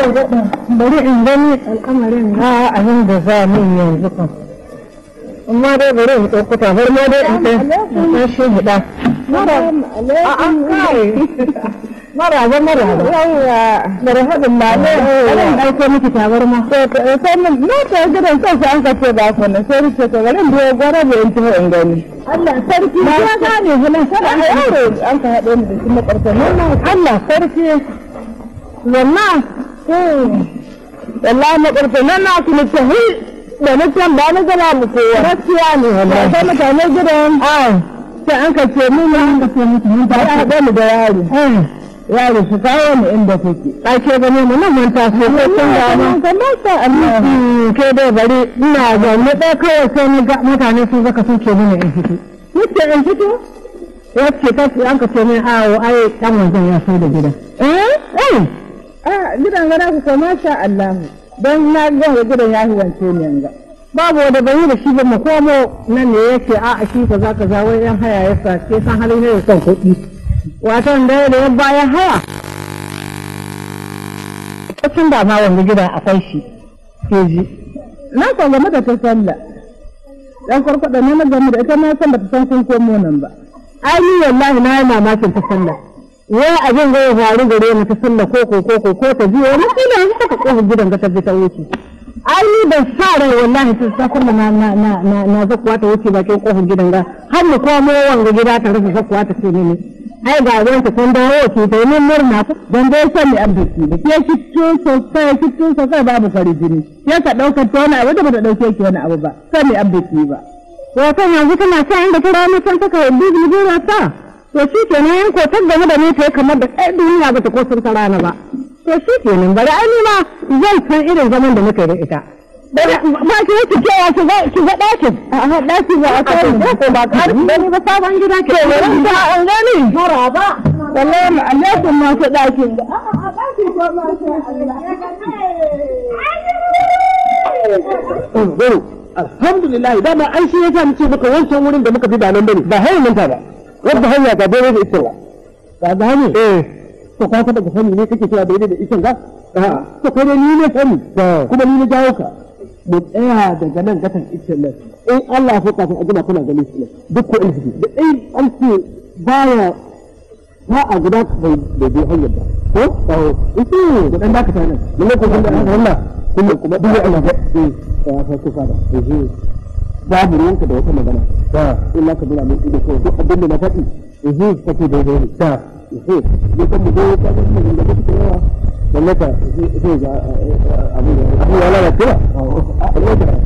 bari in gani al'amarin na abin da za yanzu kan amma dai bari in ɗaukuta bari ma dai in kai shi ba ne miki eh, na ta gidan sai an kace ba ku ne sai rike ta garin gwara in in gani Allah sarki ya gane an ka ni da shi makarfa Allah sarki wallahi wallahi makarfe nan na kuma tahi da na ba na gana mu kowa gaskiya ne wallahi sai mutane gidan sai ah. ah. an ce mu an mutu mun ta haɗa mu da yaro ah. yaro su kawo mu inda kuke Ake gane mu nan mun taso ko kun ga mu kamar sa Allah ke da bari ina ga mu da kawai sai mu ga mutane sun zaka sun ce mun in fito muke in fito wacce ta an ce mun ai dan wanzan ya so da gida. eh eh a gidan gana ku ko masha Allahu don na gan ga gidan ya wance ne ga babu wanda bai da shi ba mu komo nan ne yake a a shi ka za ka za wai yan haya ya ke san hali ne ya son kuɗi wato da da bayan haya cikin da ma wanda gidan akwai shi ke ji. na san game da ta sallah dan kwarkwada ne na game da ita na san ba ta san kun komo nan ba ai wallahi na yi mamakin ta sallah wai abin zai faru gare mu ta sallah ko ko ko ko ta biyo Na kila yanzu ta kofar gidan ga ta wuce ai ni ban sa rai wallahi sun sakar na na na na na zakuwa ta wuce bakin kofar gidan ga har mu komo wanga gida ta rufe zakuwa ta ce mini ai ga ruwan ta kun dawo ce ta yi murna don dai san ni arziki da ke kitto sosai kitto sosai babu fari jini ya ka daukar ta wani abu da ba ta dauke ki wani abu ba san ni ba wato yanzu kana sa inda kira ta kaka yi bibi ta to shi ke in ko ta game da ne ta kamar da ɗaya duniya ba ta ko sun na ba to shi kenan bari an ni ma zan san irin zaman da muke da ita ba ki yi cewa ki ga ki ga dakin a dakin ba a kai ba kar ni ba sabon gida ke ne ba an gani jura ba wallahi alaikum ma su dakin a a dakin ko ma sai Allah alhamdulillah dama an shi ya ta ce maka wancan wurin da muka bi ba nan bane ba hayyan nan ta ba wadda hanya ga daidai da ikin ga gane eh to ka taba ga sani ne kake cewa daidai da ikin ga to kai dai ni ne sani kuma ni ne jawo ka mu tsaya daga nan gatan ikin nan in Allah ya fuka a gina kuna ganin shi duk ko in shi da in an ce baya ba a guda bai daidai hanyar ba ko eh eh da dan dakata nan mun ko kun da Allah kuma duk Allah ya eh ta ku babu ruwanka da wata magana illa ka nuna min ido kawai duk abin da na faɗi ihe kake daidai ne ta ihe ne kan mu dai ka ga mun da kake yawa lalle ka ihe ga abu ya abu ya lalace ba a roda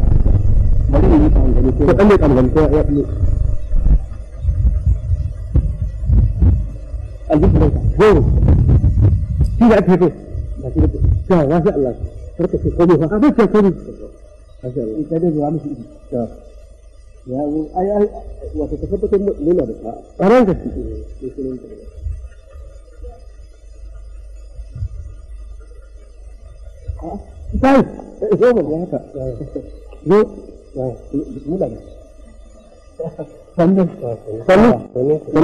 bari mu yi tangani ko dan ne tangani ko ya ne aljibu da goro shi da ake ko da shi da ta ya sha Allah karka ce komai fa a bai ce komai ma sha Allah in ka dai zuwa mishi ta Ya, ayah waktu tersebut tembak lima besar. Orang ke? Di sini. Ah, baik. Eh, saya mau berapa? Lu, ya, mula ni. Sambil, sambil, sambil. Ah, betul. Betul,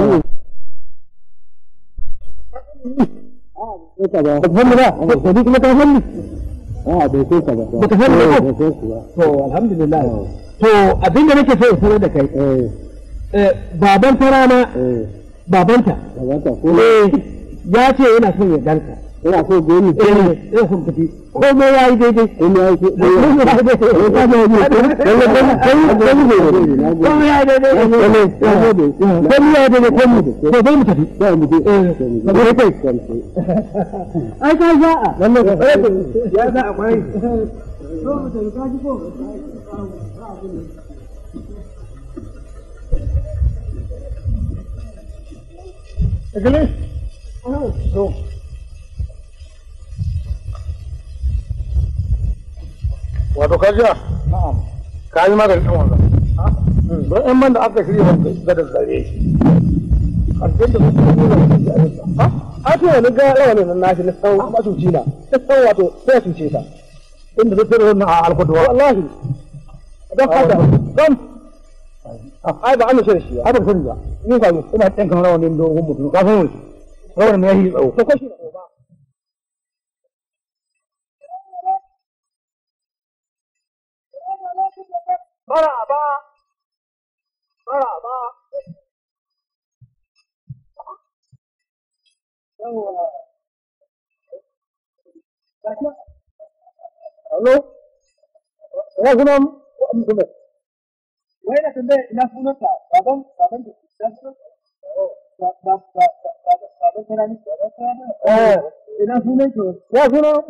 betul. Betul, betul. kita betul. Ah, ko ba baka san eh, ba to alhamdulillah eh. to abin da nake so in sanar da kai eh. baban tarana babanta babanta ya ce yana son ya ganka ina so ga ni sai sai sun fiti komai yayi daidai komai yayi daidai komai yayi daidai komai yayi daidai komai yayi daidai komai to dai mu tafi da mu je eh kai ai ka ja lalle ya za a kwai so mu ko Agnes? wato ka jiya na'am ka yi ɗan wanda don yan man da aka shirya wanda da da zare shi karfin da suke nuna wani a rinsa ce wani ga nan nashi na na wato sai ya cuce ta inda zai tsere wannan a alkuduwa wallahi don haka don ai ba amince da shi ba ai ba sani ba ni wani dogon mutum ka san wani yi tsawo Maraba, a Yawwa. Hello? Ina sunan Wai ina sunan ka? Baban baban da sunan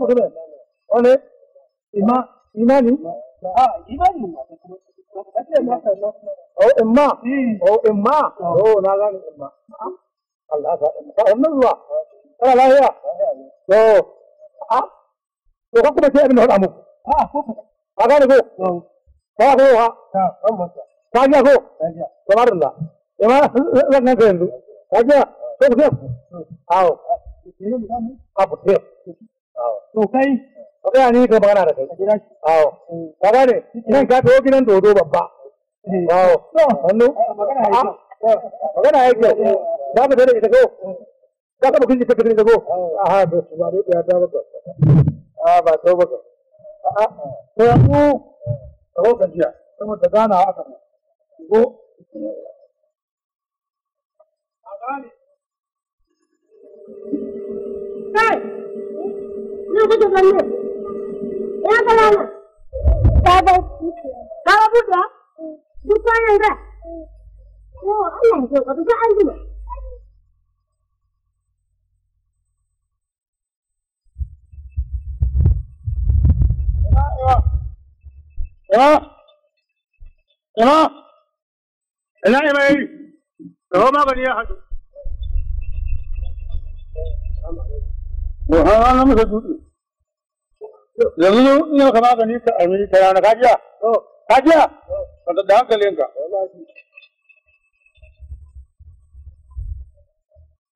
ka? او اما او اما او نا غان اما الله فا اما wannan ruwa kana lafiya to a to ka kuma sai abin da muku a ko ka gane ko ka ko ha ka manta ka ga ko to marilla ima zan ganka yanzu ka ga ko ku sai awo a ku to kai kuɗi ne kai magana da kai awo nan gidan dodo babba awo hannu magana ya kyau za mu ita go za ka ita go ba ya baka a ba to baka to yanzu ka gajiya gana aka go a gane Hey! يا سلامة بابا بكرة بابا بكرة دكان الباب الله يشوفك بجعل دمك لا لا لا يا مي هو ما بني احد وهذا انا مسجد yanzu in yau ka magani ka armi ka rana kajiya kajiya ka oh, da hankalinka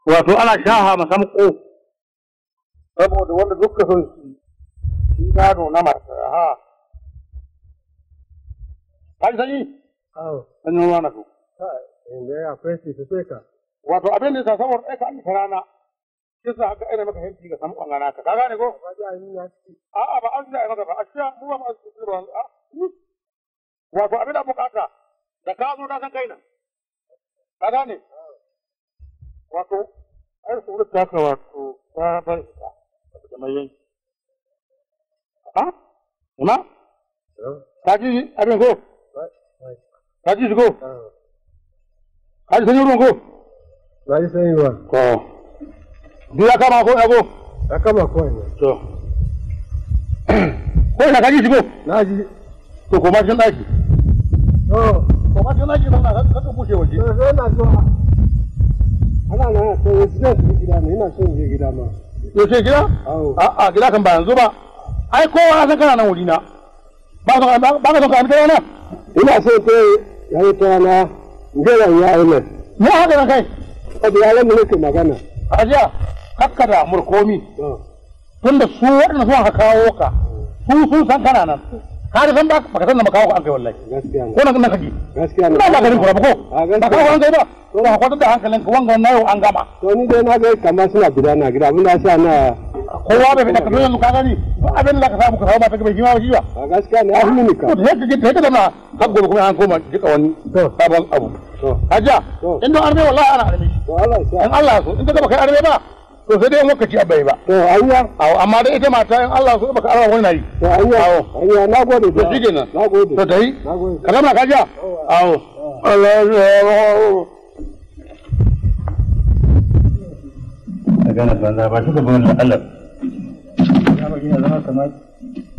wato ana shaha ko saboda wanda dukkan sun shi gado na marta ha kai sanyi yi ruwa na su inda ya fesi su teka wato abin da ya sa saboda aika an rana yasa aka aina maka hanci ga samu kwangana ka ka gane ko A a ba azza zai maka ba a sha mu ba mu azumi ba wato abin da bukata da ka zo na san kai kaina ka gane wato ai su wurin taka wato ta ba ita da mai yanki Ha? ina ka ji abin ko ka ji su ko ka ji sanyi ruwan ko ka ji sanyi ruwan ko duk ya kama ko yago ya kama ko ne to ko na kaji shigo na ji to koma cikin na ka bushe waje to na zo ana na to yanzu zai tafi gida ne ina son je gida a a kan ba yanzu ba ko kowa san kana nan wuri na ba ka ba ka son ka amfani na ina so kai yayi ta na gera yayi ne mu haka kai a da yaran ne ke magana ajiya kakka da murkomi hmm. tunda su waɗanda sun kawo ka su sun san kana nan ka da san ba ka san da makawo ka an kai wallahi ko na kaji gaskiya ne ba garin kura ba ko ba ka an ba to ba kwatar da hankalin ka wanga na yau an gama to ni dai na ga kamar suna gida na gida mun da sa na kowa bai fita kamar yanzu ka gani abin da ka samu ka samu ba ka bai kima ba shi ba gaskiya ne an ne ka to yadda yadda da ma har gobe kuma an koma duka wani sabon abu hajja in don arbe wallahi ana arme in Allah ya so in ka ba kai arbe ba to sai dai lokaci a bai ba to ayya amma dai ita mata in Allah so baka Allah wani yi to ayya ayya nagode to shi kenan nagode to dai karama ka ja awo Allah ya magana banza ba shi ga bawon Allah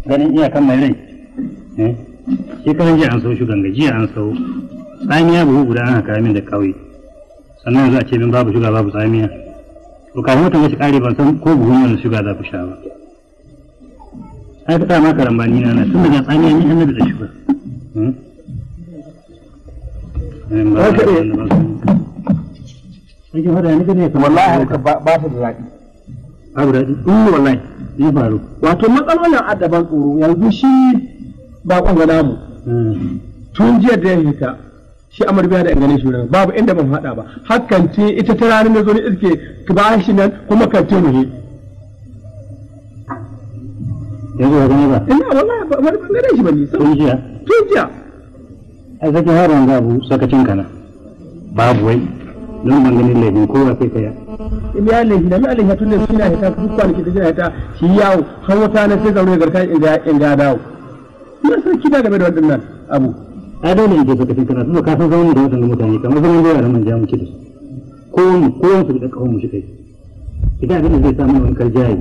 ganin iyakan mai rai eh? shi karan jiya an sau shi ganga jiya an sau tsamiya buhu guda ana kamin da kauye sannan yanzu a ce min babu shuga babu tsamiya to kamun mutum ya shi kare ban san ko buhun wani shuga za ku sha ba ai ta ma karamba ni na na tun daga tsani an yi hannu da shuga Sarki fada ya nake ne kamar wallahi ba ta da daɗi. da daɗi? In wallahi ya faru. Wato matsalolin addaban tsoro yanzu shi ba kwangwala mu. Tun jiya da ya shi amar biya da in gane shi babu inda ban haɗa ba hakan ce ita ta ranar da zo ne iske ka shi nan kuma ka ce muhi yanzu ba gane ba ina wallahi ba ban gane shi ba ni tun jiya tun jiya a zaki haron gabu sakacin kana babu wai nan ban ganin laifin kowa sai kaya in ya laifi da lalai hatun ne suna hita su kwanaki da suna hita shi yawo har wata na sai zaune garka in ga dawo. Ina son da game da waɗannan abu. ai dole ne ka tafi karatu ka san da mutane kamar zaman da yaran da su ko da kawo mu kai idan abin zai samu wani karjayi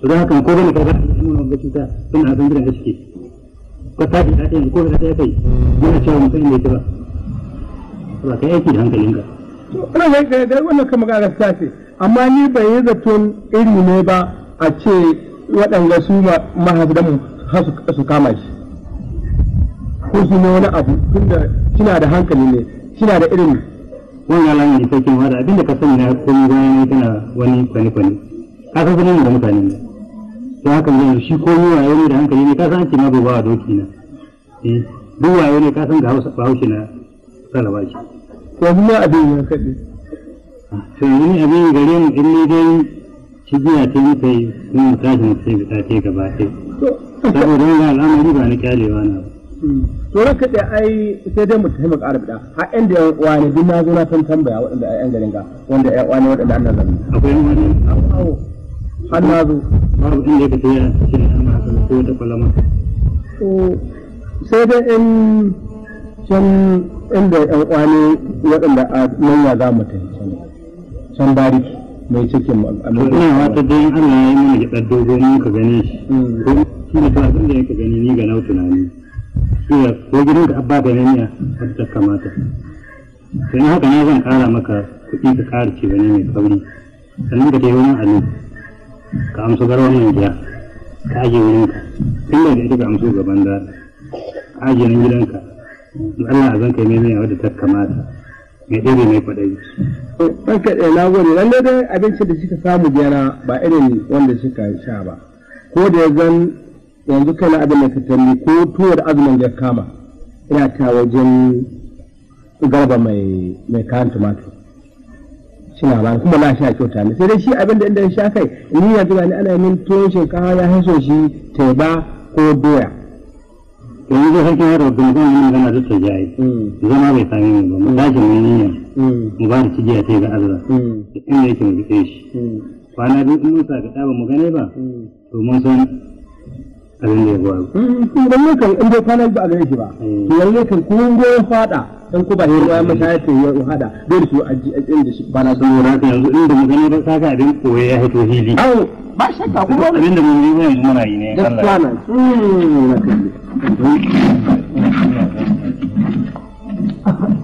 to da hakan a san gidan da ta da ta da ta yana cewa ne ba ba kai da ina da wannan kamar ga gaskiya ni bai yi zaton iri ne ba a ce waɗanda su mahazdan ko shi na wani abu tunda kina da hankali ne kina da irin wannan lamun da sarkin wada abinda ka sani na komai bayan ne tana wani kwani kwani ka san sanin da mutane ne to haka ne shi komai wayo ne da hankali ne ka san ce ma gobe wa doki na eh duk wayo ne ka san ga Hausa Bahaushe na salaba shi to kuma abin ya kadi ah, to ni abin gare mu in ne dai cibiya ta yi kai mun tashi mu sai ga ta gaba ɗaya saboda wannan al'amari ba na kyalewa na ba hmm. tsoron kaɗe ai sai dai mu ta mu ƙara bida har ƴan da yawa ne duk na zo na san tambaya waɗanda a ƴan garin ga wanda ƴan wani waɗanda annan zan akwai wani awo har na zo babu inda ka tafiya cikin ɗan masu ko da kwalama to sai dai in can inda ƴan wani waɗanda a manya za mu tafi can can bariki mai cikin mu ina wata dai Allah ya yi mana gidar dogon ka gane shi mm. ko shi ne to abin da ya ka gani ni ga nau tunani shirya ko gidan ka abba bayaniya har ta kamata sai na haka ne zan kara maka kuɗi ka kara ce bane mai kauri sannan ka tafi wani alu ka amsa gar wannan gida ka aje wurin ka tun da ita ka amsa gaban da ka aje nan gidan ka in Allah a zan kai mai mai wadda ta kamata mai ɗaya mai kwaɗayi. Ɗan kaɗai na gode lallai dai abincin da suka samu biyana ba irin wanda suka sha ba ko da ya zan yanzu kai na azumin fitanni ko tuwar azumin da kama ina ta wajen garba mai mai kayan tumatur suna ba kuma na sha kyauta ne sai dai shi abin da inda ya sha kai ni yanzu zuba ni ana min tuwon shinkawa ya haso shi teba ko doya yanzu zai sarkin yaro bin zan yi magana da ta jaye hmm. zama bai sami mu ba mu dace mu niyya hmm. mu ba da cigiya ta ga Allah hmm. inda yake mu fice shi kwana biyu in sa ga ba mu gane ba to mun san abin ne kan in dai ba a gare shi ba to lalle kan ko in ya fada dan ko ba ya masa ya hada dole su da shi ba na san wura ka yanzu inda mu gani saka abin koye ya hito hili ba shakka abin da mun yi ba yi ne gaskiya na hmm, na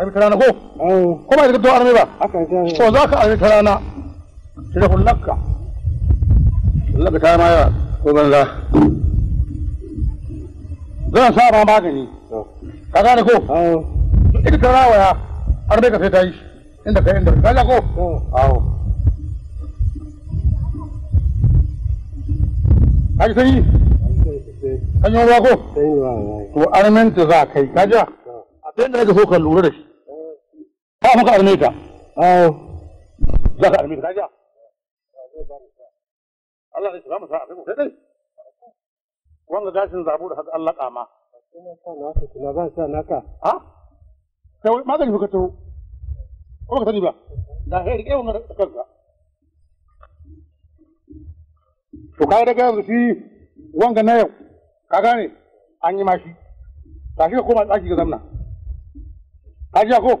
arbi tarana ko ko ba daga arme ba to za ka arbi tarana kira hullakka hullakka ta ma yawa ko banza zan sa ma magani ka gane ko duk ta tara waya arme ka sai ta yi inda kai inda ka ko awo kaji sanyi kan yi ruwa ko to armen ta za kai kaja abinda nake so ka lura da shi ba maka arme ta za ka arme ta Allah dai gashin zabu da Allah kama ina sa naka kuma ba sa naka ha kai ka taho ko baka sani ba da heri kai wannan kanka to kai daga yanzu wanga na yau ka gane an yi mashi tashi ka koma tsaki ga zamna ka ji ko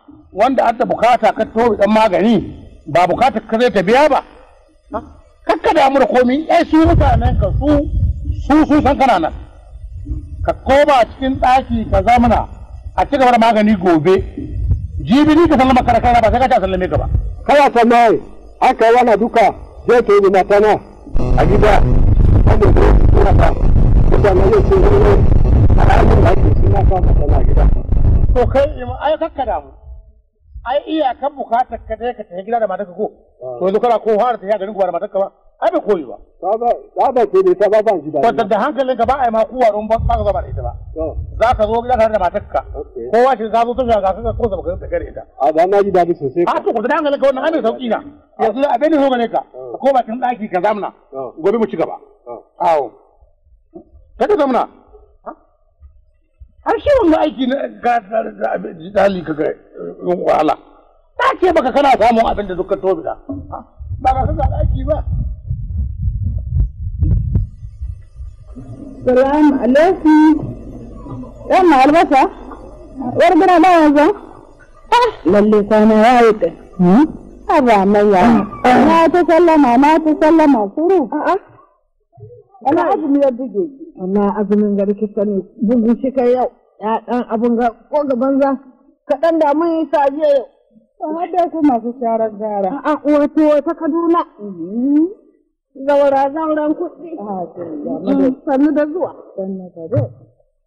wanda an ta bukata ka to dan magani ba bukata ka zai ta biya ba kakka damu da komi ai su mutanen ka su su su san kana nan ka koma cikin daki ka zamana a ci gaba da magani gobe jibini ka sallama karakara ba sai ka ci a sallame ka ba kana sallame haka yana duka zai ke yi matana a gida wanda zai ci suna ta mutane sun yi wani a ɗakin da ake suna ta matana a gida to kai ai kakka mu? ai iyakan bukatar ka ka tafi gida da matarka ko to yanzu kana ko fara tafiya garin ku ba da matarka ba ai bai koyi ba ba ba ke ne ta ba ba gida to da hankalin ka ba ai ma kuwa don ba ka zama da ita ba za ka zo gida tare da matarka kowa ce za zo ta ga ka ko zama ka da ita a ba na ji bi sosai a to ku da hankalin ka wannan ai sauki na yanzu abin da zo gane ka ko ba kin daki ka zamna gobe mu ci gaba awo kada zamna har shi wanga aiki na gasar da abin ka eh, yin wahala ta ce baka kana samun abin da dukkan tobi da ba ka san aiki ba Salam alaikum. Yan ma albasa? War gina ba yanzu? Lalle kwana ya yi ɗin. Hmm? Haba mai ya. Na ta sallama, na ta sallama, furu. A'a. Ana azumi ya buge Amma azumin gari likita ne bugu shi kai yau ya dan abun ga ko ga banza kaɗan da mun yi sa jiya yau har da ku masu sharar gara a wato wata kaduna mhm. zaura zauren kuɗi ah, mm, sannu da zuwa sannu da zuwa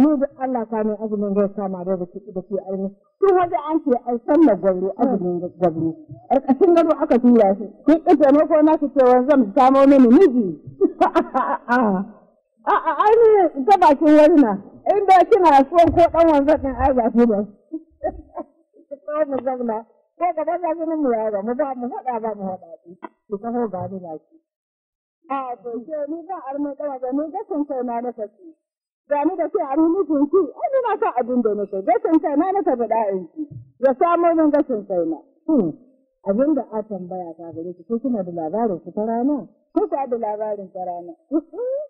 mu bi Allah ka ne azumin gai sama da baki da ke arni tun waje an ce ai sallar gauri azumin gauri gado aka tura shi ki na ki ce zan samo mini miji a a ta na kina ko dan wanzan da mu ya mu ba mu hada ba mu hada na a to ni ba kana ni ga kun kai na gani da ke ari mijinki ai ni na san abin da nake gashin kai na nake faɗa in ki ya samo min gashin kai na hmm. abin da a tambaya ta gare ki ko kuna da labarin ku ta rana ko ka da labarin ta rana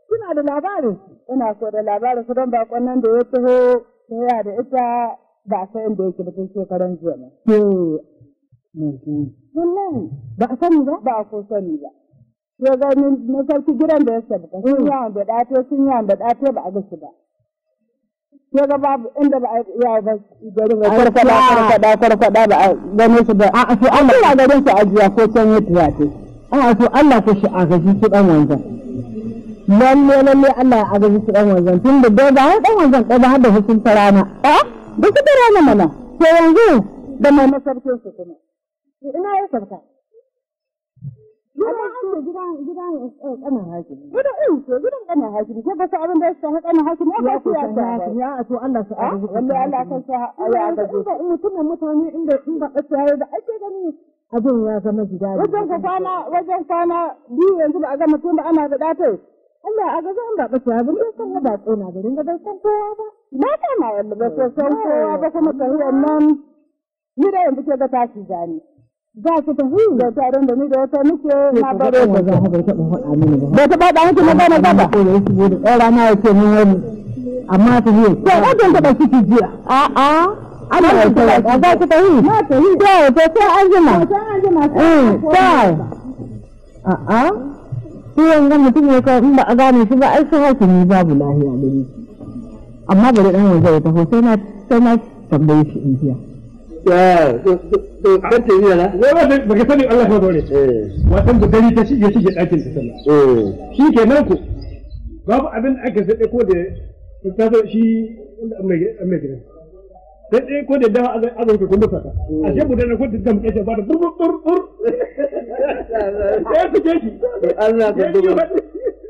Kuna da labarin ina so da labarin ku don bakon nan da ya taho ya da ita ba sai inda yake da kai shekaran jiya ne. Wallahi ba a sani ba? Ba a ko sani ba. ga na sarki gidan da ya sabka sun yawon da ɗato sun yawon da ɗato ba a gashi ba ke ga babu inda ba a yawo ba garin ga farfada farfada farfada ba a su ba a su Allah garin su ajiya ko can yi tiyate a su Allah ko shi a gashi su dan wanzan lalle lalle Allah ya agaji su dan wanzan tun da dai ba dan wanzan ɗaya ba har da hukun tarana eh? a da su tarana mana to yanzu da mai masarkin su kuma ina ya sarka gidan gidan gidan kanin eh, hakimi gidan in hakimi ko ba sai abin da ya shafi hakimi ya ba su ah, ya ta ya to Allah sa azu Allah kan sa ya ga mutumin mutane inda da ake gani abin ya zama gida wajen kwana wajen kwana biyu yanzu ba a gama ana Allah a ga zan ba ka sa abin da san na garin da san kowa ba ba ta ma wallahi ba san kowa ba kuma kan wannan ni yanzu ke ga tashi za su tafi da taron da ni da wata nake na bare ba za faɗa mini ba ba ta ba miki magana ba ba ko da mun wani amma ta yi to wajen ta ba jiya a a da ta ba ta na ta yi to to sai azuma to sai azuma a a shi wanga mutum ya ka in ba a gane shi ba ai sai hakimi babu lahiya amma bari ya taho sai sai na tambaye shi in jiya ɗan tafiya na? Shi ke ku. Babu abin da aka sai ko da shi wanda an ɗaya ko da dawa azan ka kundu fata. A ce gudanar ko da damƙe ta ba da burbur burbur. Sai su shi. Allah ka duba.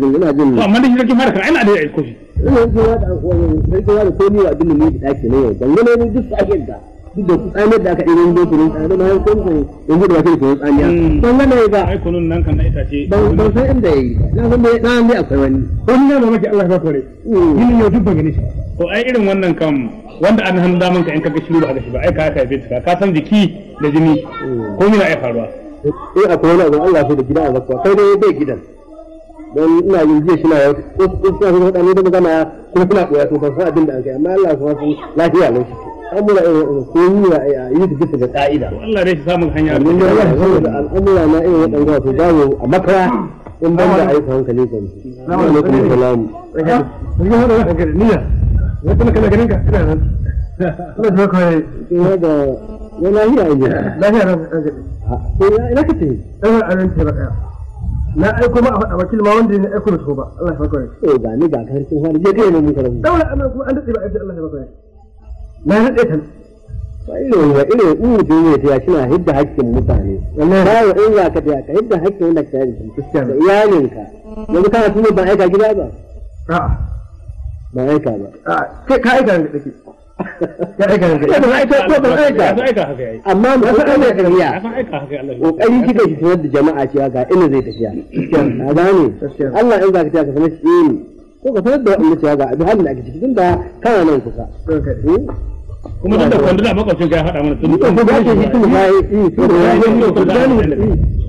jin ina jin to amma da shi fara kana ina da ina jin ya da ko ni wa ne ne dangane ne duk da duk da da aka ɗaya yin doki ne da kuma yanzu da dangane ai kunun nan kan na itace ban san inda yayi na san da ne akwai wani wani Allah ya kore yin hmm. yau duk shi to ai irin wannan kan wanda an hannu daman ka in ka ga shiru ba shi ba ai ka ka ka san jiki da jini hmm. ko ai faruwa eh akwai wani abu Allah ya so da gida a zakwa kai dai bai gidan don ina yin jiya shi na yau in kuma sun ne da magana kuma suna ɓoya sun san abin da aka yi amma Allah sun san lafiya lau al'amura irin irin ko yi wa a yi bisa ka'ida Allah dai samun hanya a cikin al'amura na irin waɗanda su dawo a makara in ban da hankali kan salamu alaikum salamu kana ganin ka ina nan ina da kai ina da lafiya ne lafiya ina kace ina na aiko ma a faɗa wakil ma wanda ne aiko da su ba Allah ya fakware eh ga ni ga karfin hali je kai ne mun karamu dawla amma kuma an dace ba aiki Allah ya fakware na hade ta ba irin ya irin in da ne ta kina hidda hakkin mutane wallahi rawo in za ka ka hidda hakkin wanda ka yi da iyalinka yanzu kana tuno ban aika gida ba a'a ban aika ba a'a kai ka aika ne kake amma masu ana ƙarya ƙoƙari kika ki sanar da jama'a cewa ga inda zai tafiya a gane Allah in za ka tafiya ka sanar shi ne ko ka sanar da waɗanda cewa ga abin halin da ake ciki tun da kana nan kusa kuma duk da kwanduna makwabcin ka ya faɗa mana tun da ya ce shi tun da ya yi tun da ya yi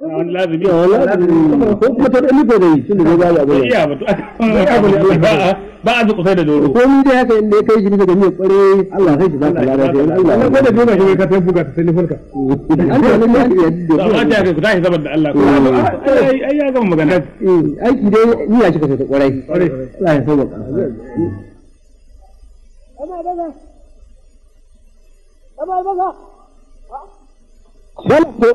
wani lazimi ko kuma ta da yi tun da zai gaji iya ba a zuƙusai da doro ko ni dai haka in ya kai shi daga Allah sai zaka lara da Allah ko da dole ka buga ta sai an ta da Allah ai ya gama magana dai ni ya kika Allah ya sauka amma amma Dole ko?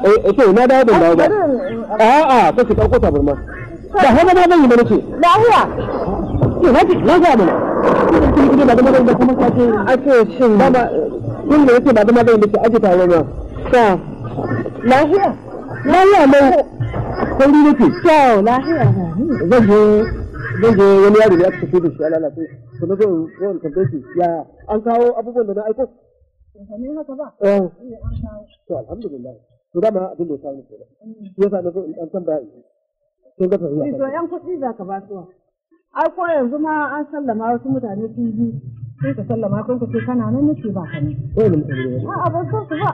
Eh, eh, to na dawo ban dawo ba. A'a, ko ki ɗauko tabarma. haka na bai yi ba nake. Lafiya. Ke eh, na ki lafiya mana. ba da ba kuma kace ake shin ba ba kin da yake ba da magana da ake tare ma. Ta. Lafiya. Lafiya mai. Kan ni nake. To, lafiya. Zan je zan je wani yaro ne aka tafi da shi Kuma zan zan tambaye shi ya an kawo abubuwan da na aiko. eh to alhamdulillah to dama abin da ya samu kenan yasa na zo in dan tambaya ga to yan kuɗi za ka ba su ai ko yanzu ma an sallama wasu mutane sun bi sai ka sallama kun ka ce kana nan nake ba ka ne a ban san su ba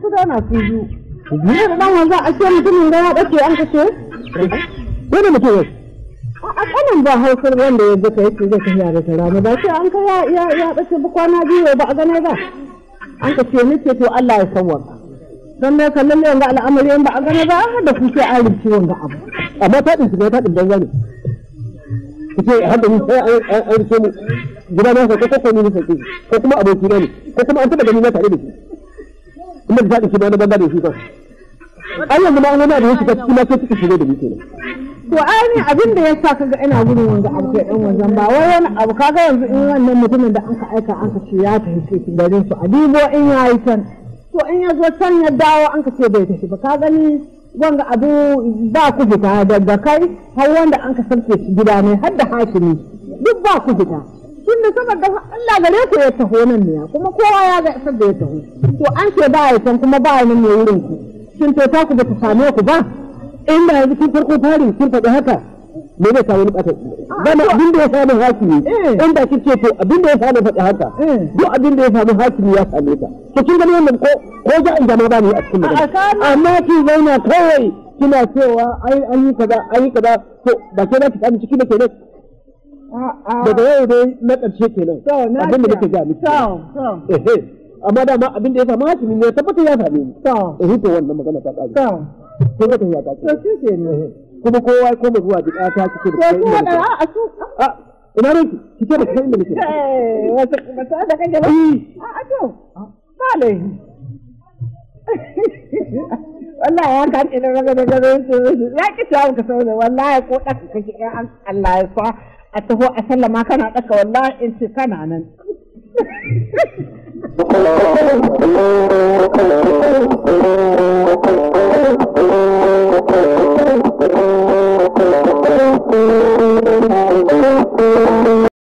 su da na su biyu ne da mutumin da ya an kace mutum a kanin ba haifar wanda ya zuka yake zai yare ta rana ba sai an ka ya bace ba kwana biyu ba a gane ba an ka ce nake to Allah ya sawwaka dan ne kallon ne wanga al'amari ba a gane ba da ku sai an rinci wanda abu amma ta din shiga ta din banza ne kace har da sai an an rinci mu gida na ka ko ko ni sai ko kuma aboki ne ko kuma an taba gani na tare da shi kuma da ta din shi ba na banza da shi ba. ai yanzu ma an wani da ya shiga cikin masu sai kike da mutane to ainihin abin da ya sa kaga ina gudun wanzu abu kai ɗan wanzan ba wai wani abu kaga yanzu in wannan mutumin da anka aika anka ce ya tafi su garin su a dubo in ya yi can to in ya zo can ya dawo an ka ce bai tafi ba ka gani wanga abu ba ku fita daga kai har wanda ka sarke shi gida ne har da hakimi duk ba ku fita tun da saboda Allah gare ku ya taho nan ne kuma kowa ya ga sabda ya taho to an ce ba ya can kuma ba ya nan ne wurin ku shin to ta ku ba ta same ku ba in ba yanzu kun farko farin kin faɗi haka me zai samu bata dama abin da ya samu hakimi eh. in da kin ce to abin da ya samu faɗi haka eh. duk abin da ya samu hakimi ya same ta to kin gani wannan ko ko za in jama ba ni a cikin magana amma ki zauna kawai kina cewa ai an yi kaza an yi kaza to ba sai za ki samu ciki da ne? daga yau dai na ƙarshe nan abin da nake ga miki eh, amma dama abin da ya samu hakimi ne tabbata ya same ni eh to wannan magana ta ƙare ko da ya ta ce shi ke ne kuma kowa ya koma zuwa ta kike da kai a su ina ne da kai da kan a a to wallahi ya kan ina raga da ya ki ta ka sauya wallahi ko da kake Allah ya sa a taho a sallama kana daka wallahi in ce kana nan Thank you.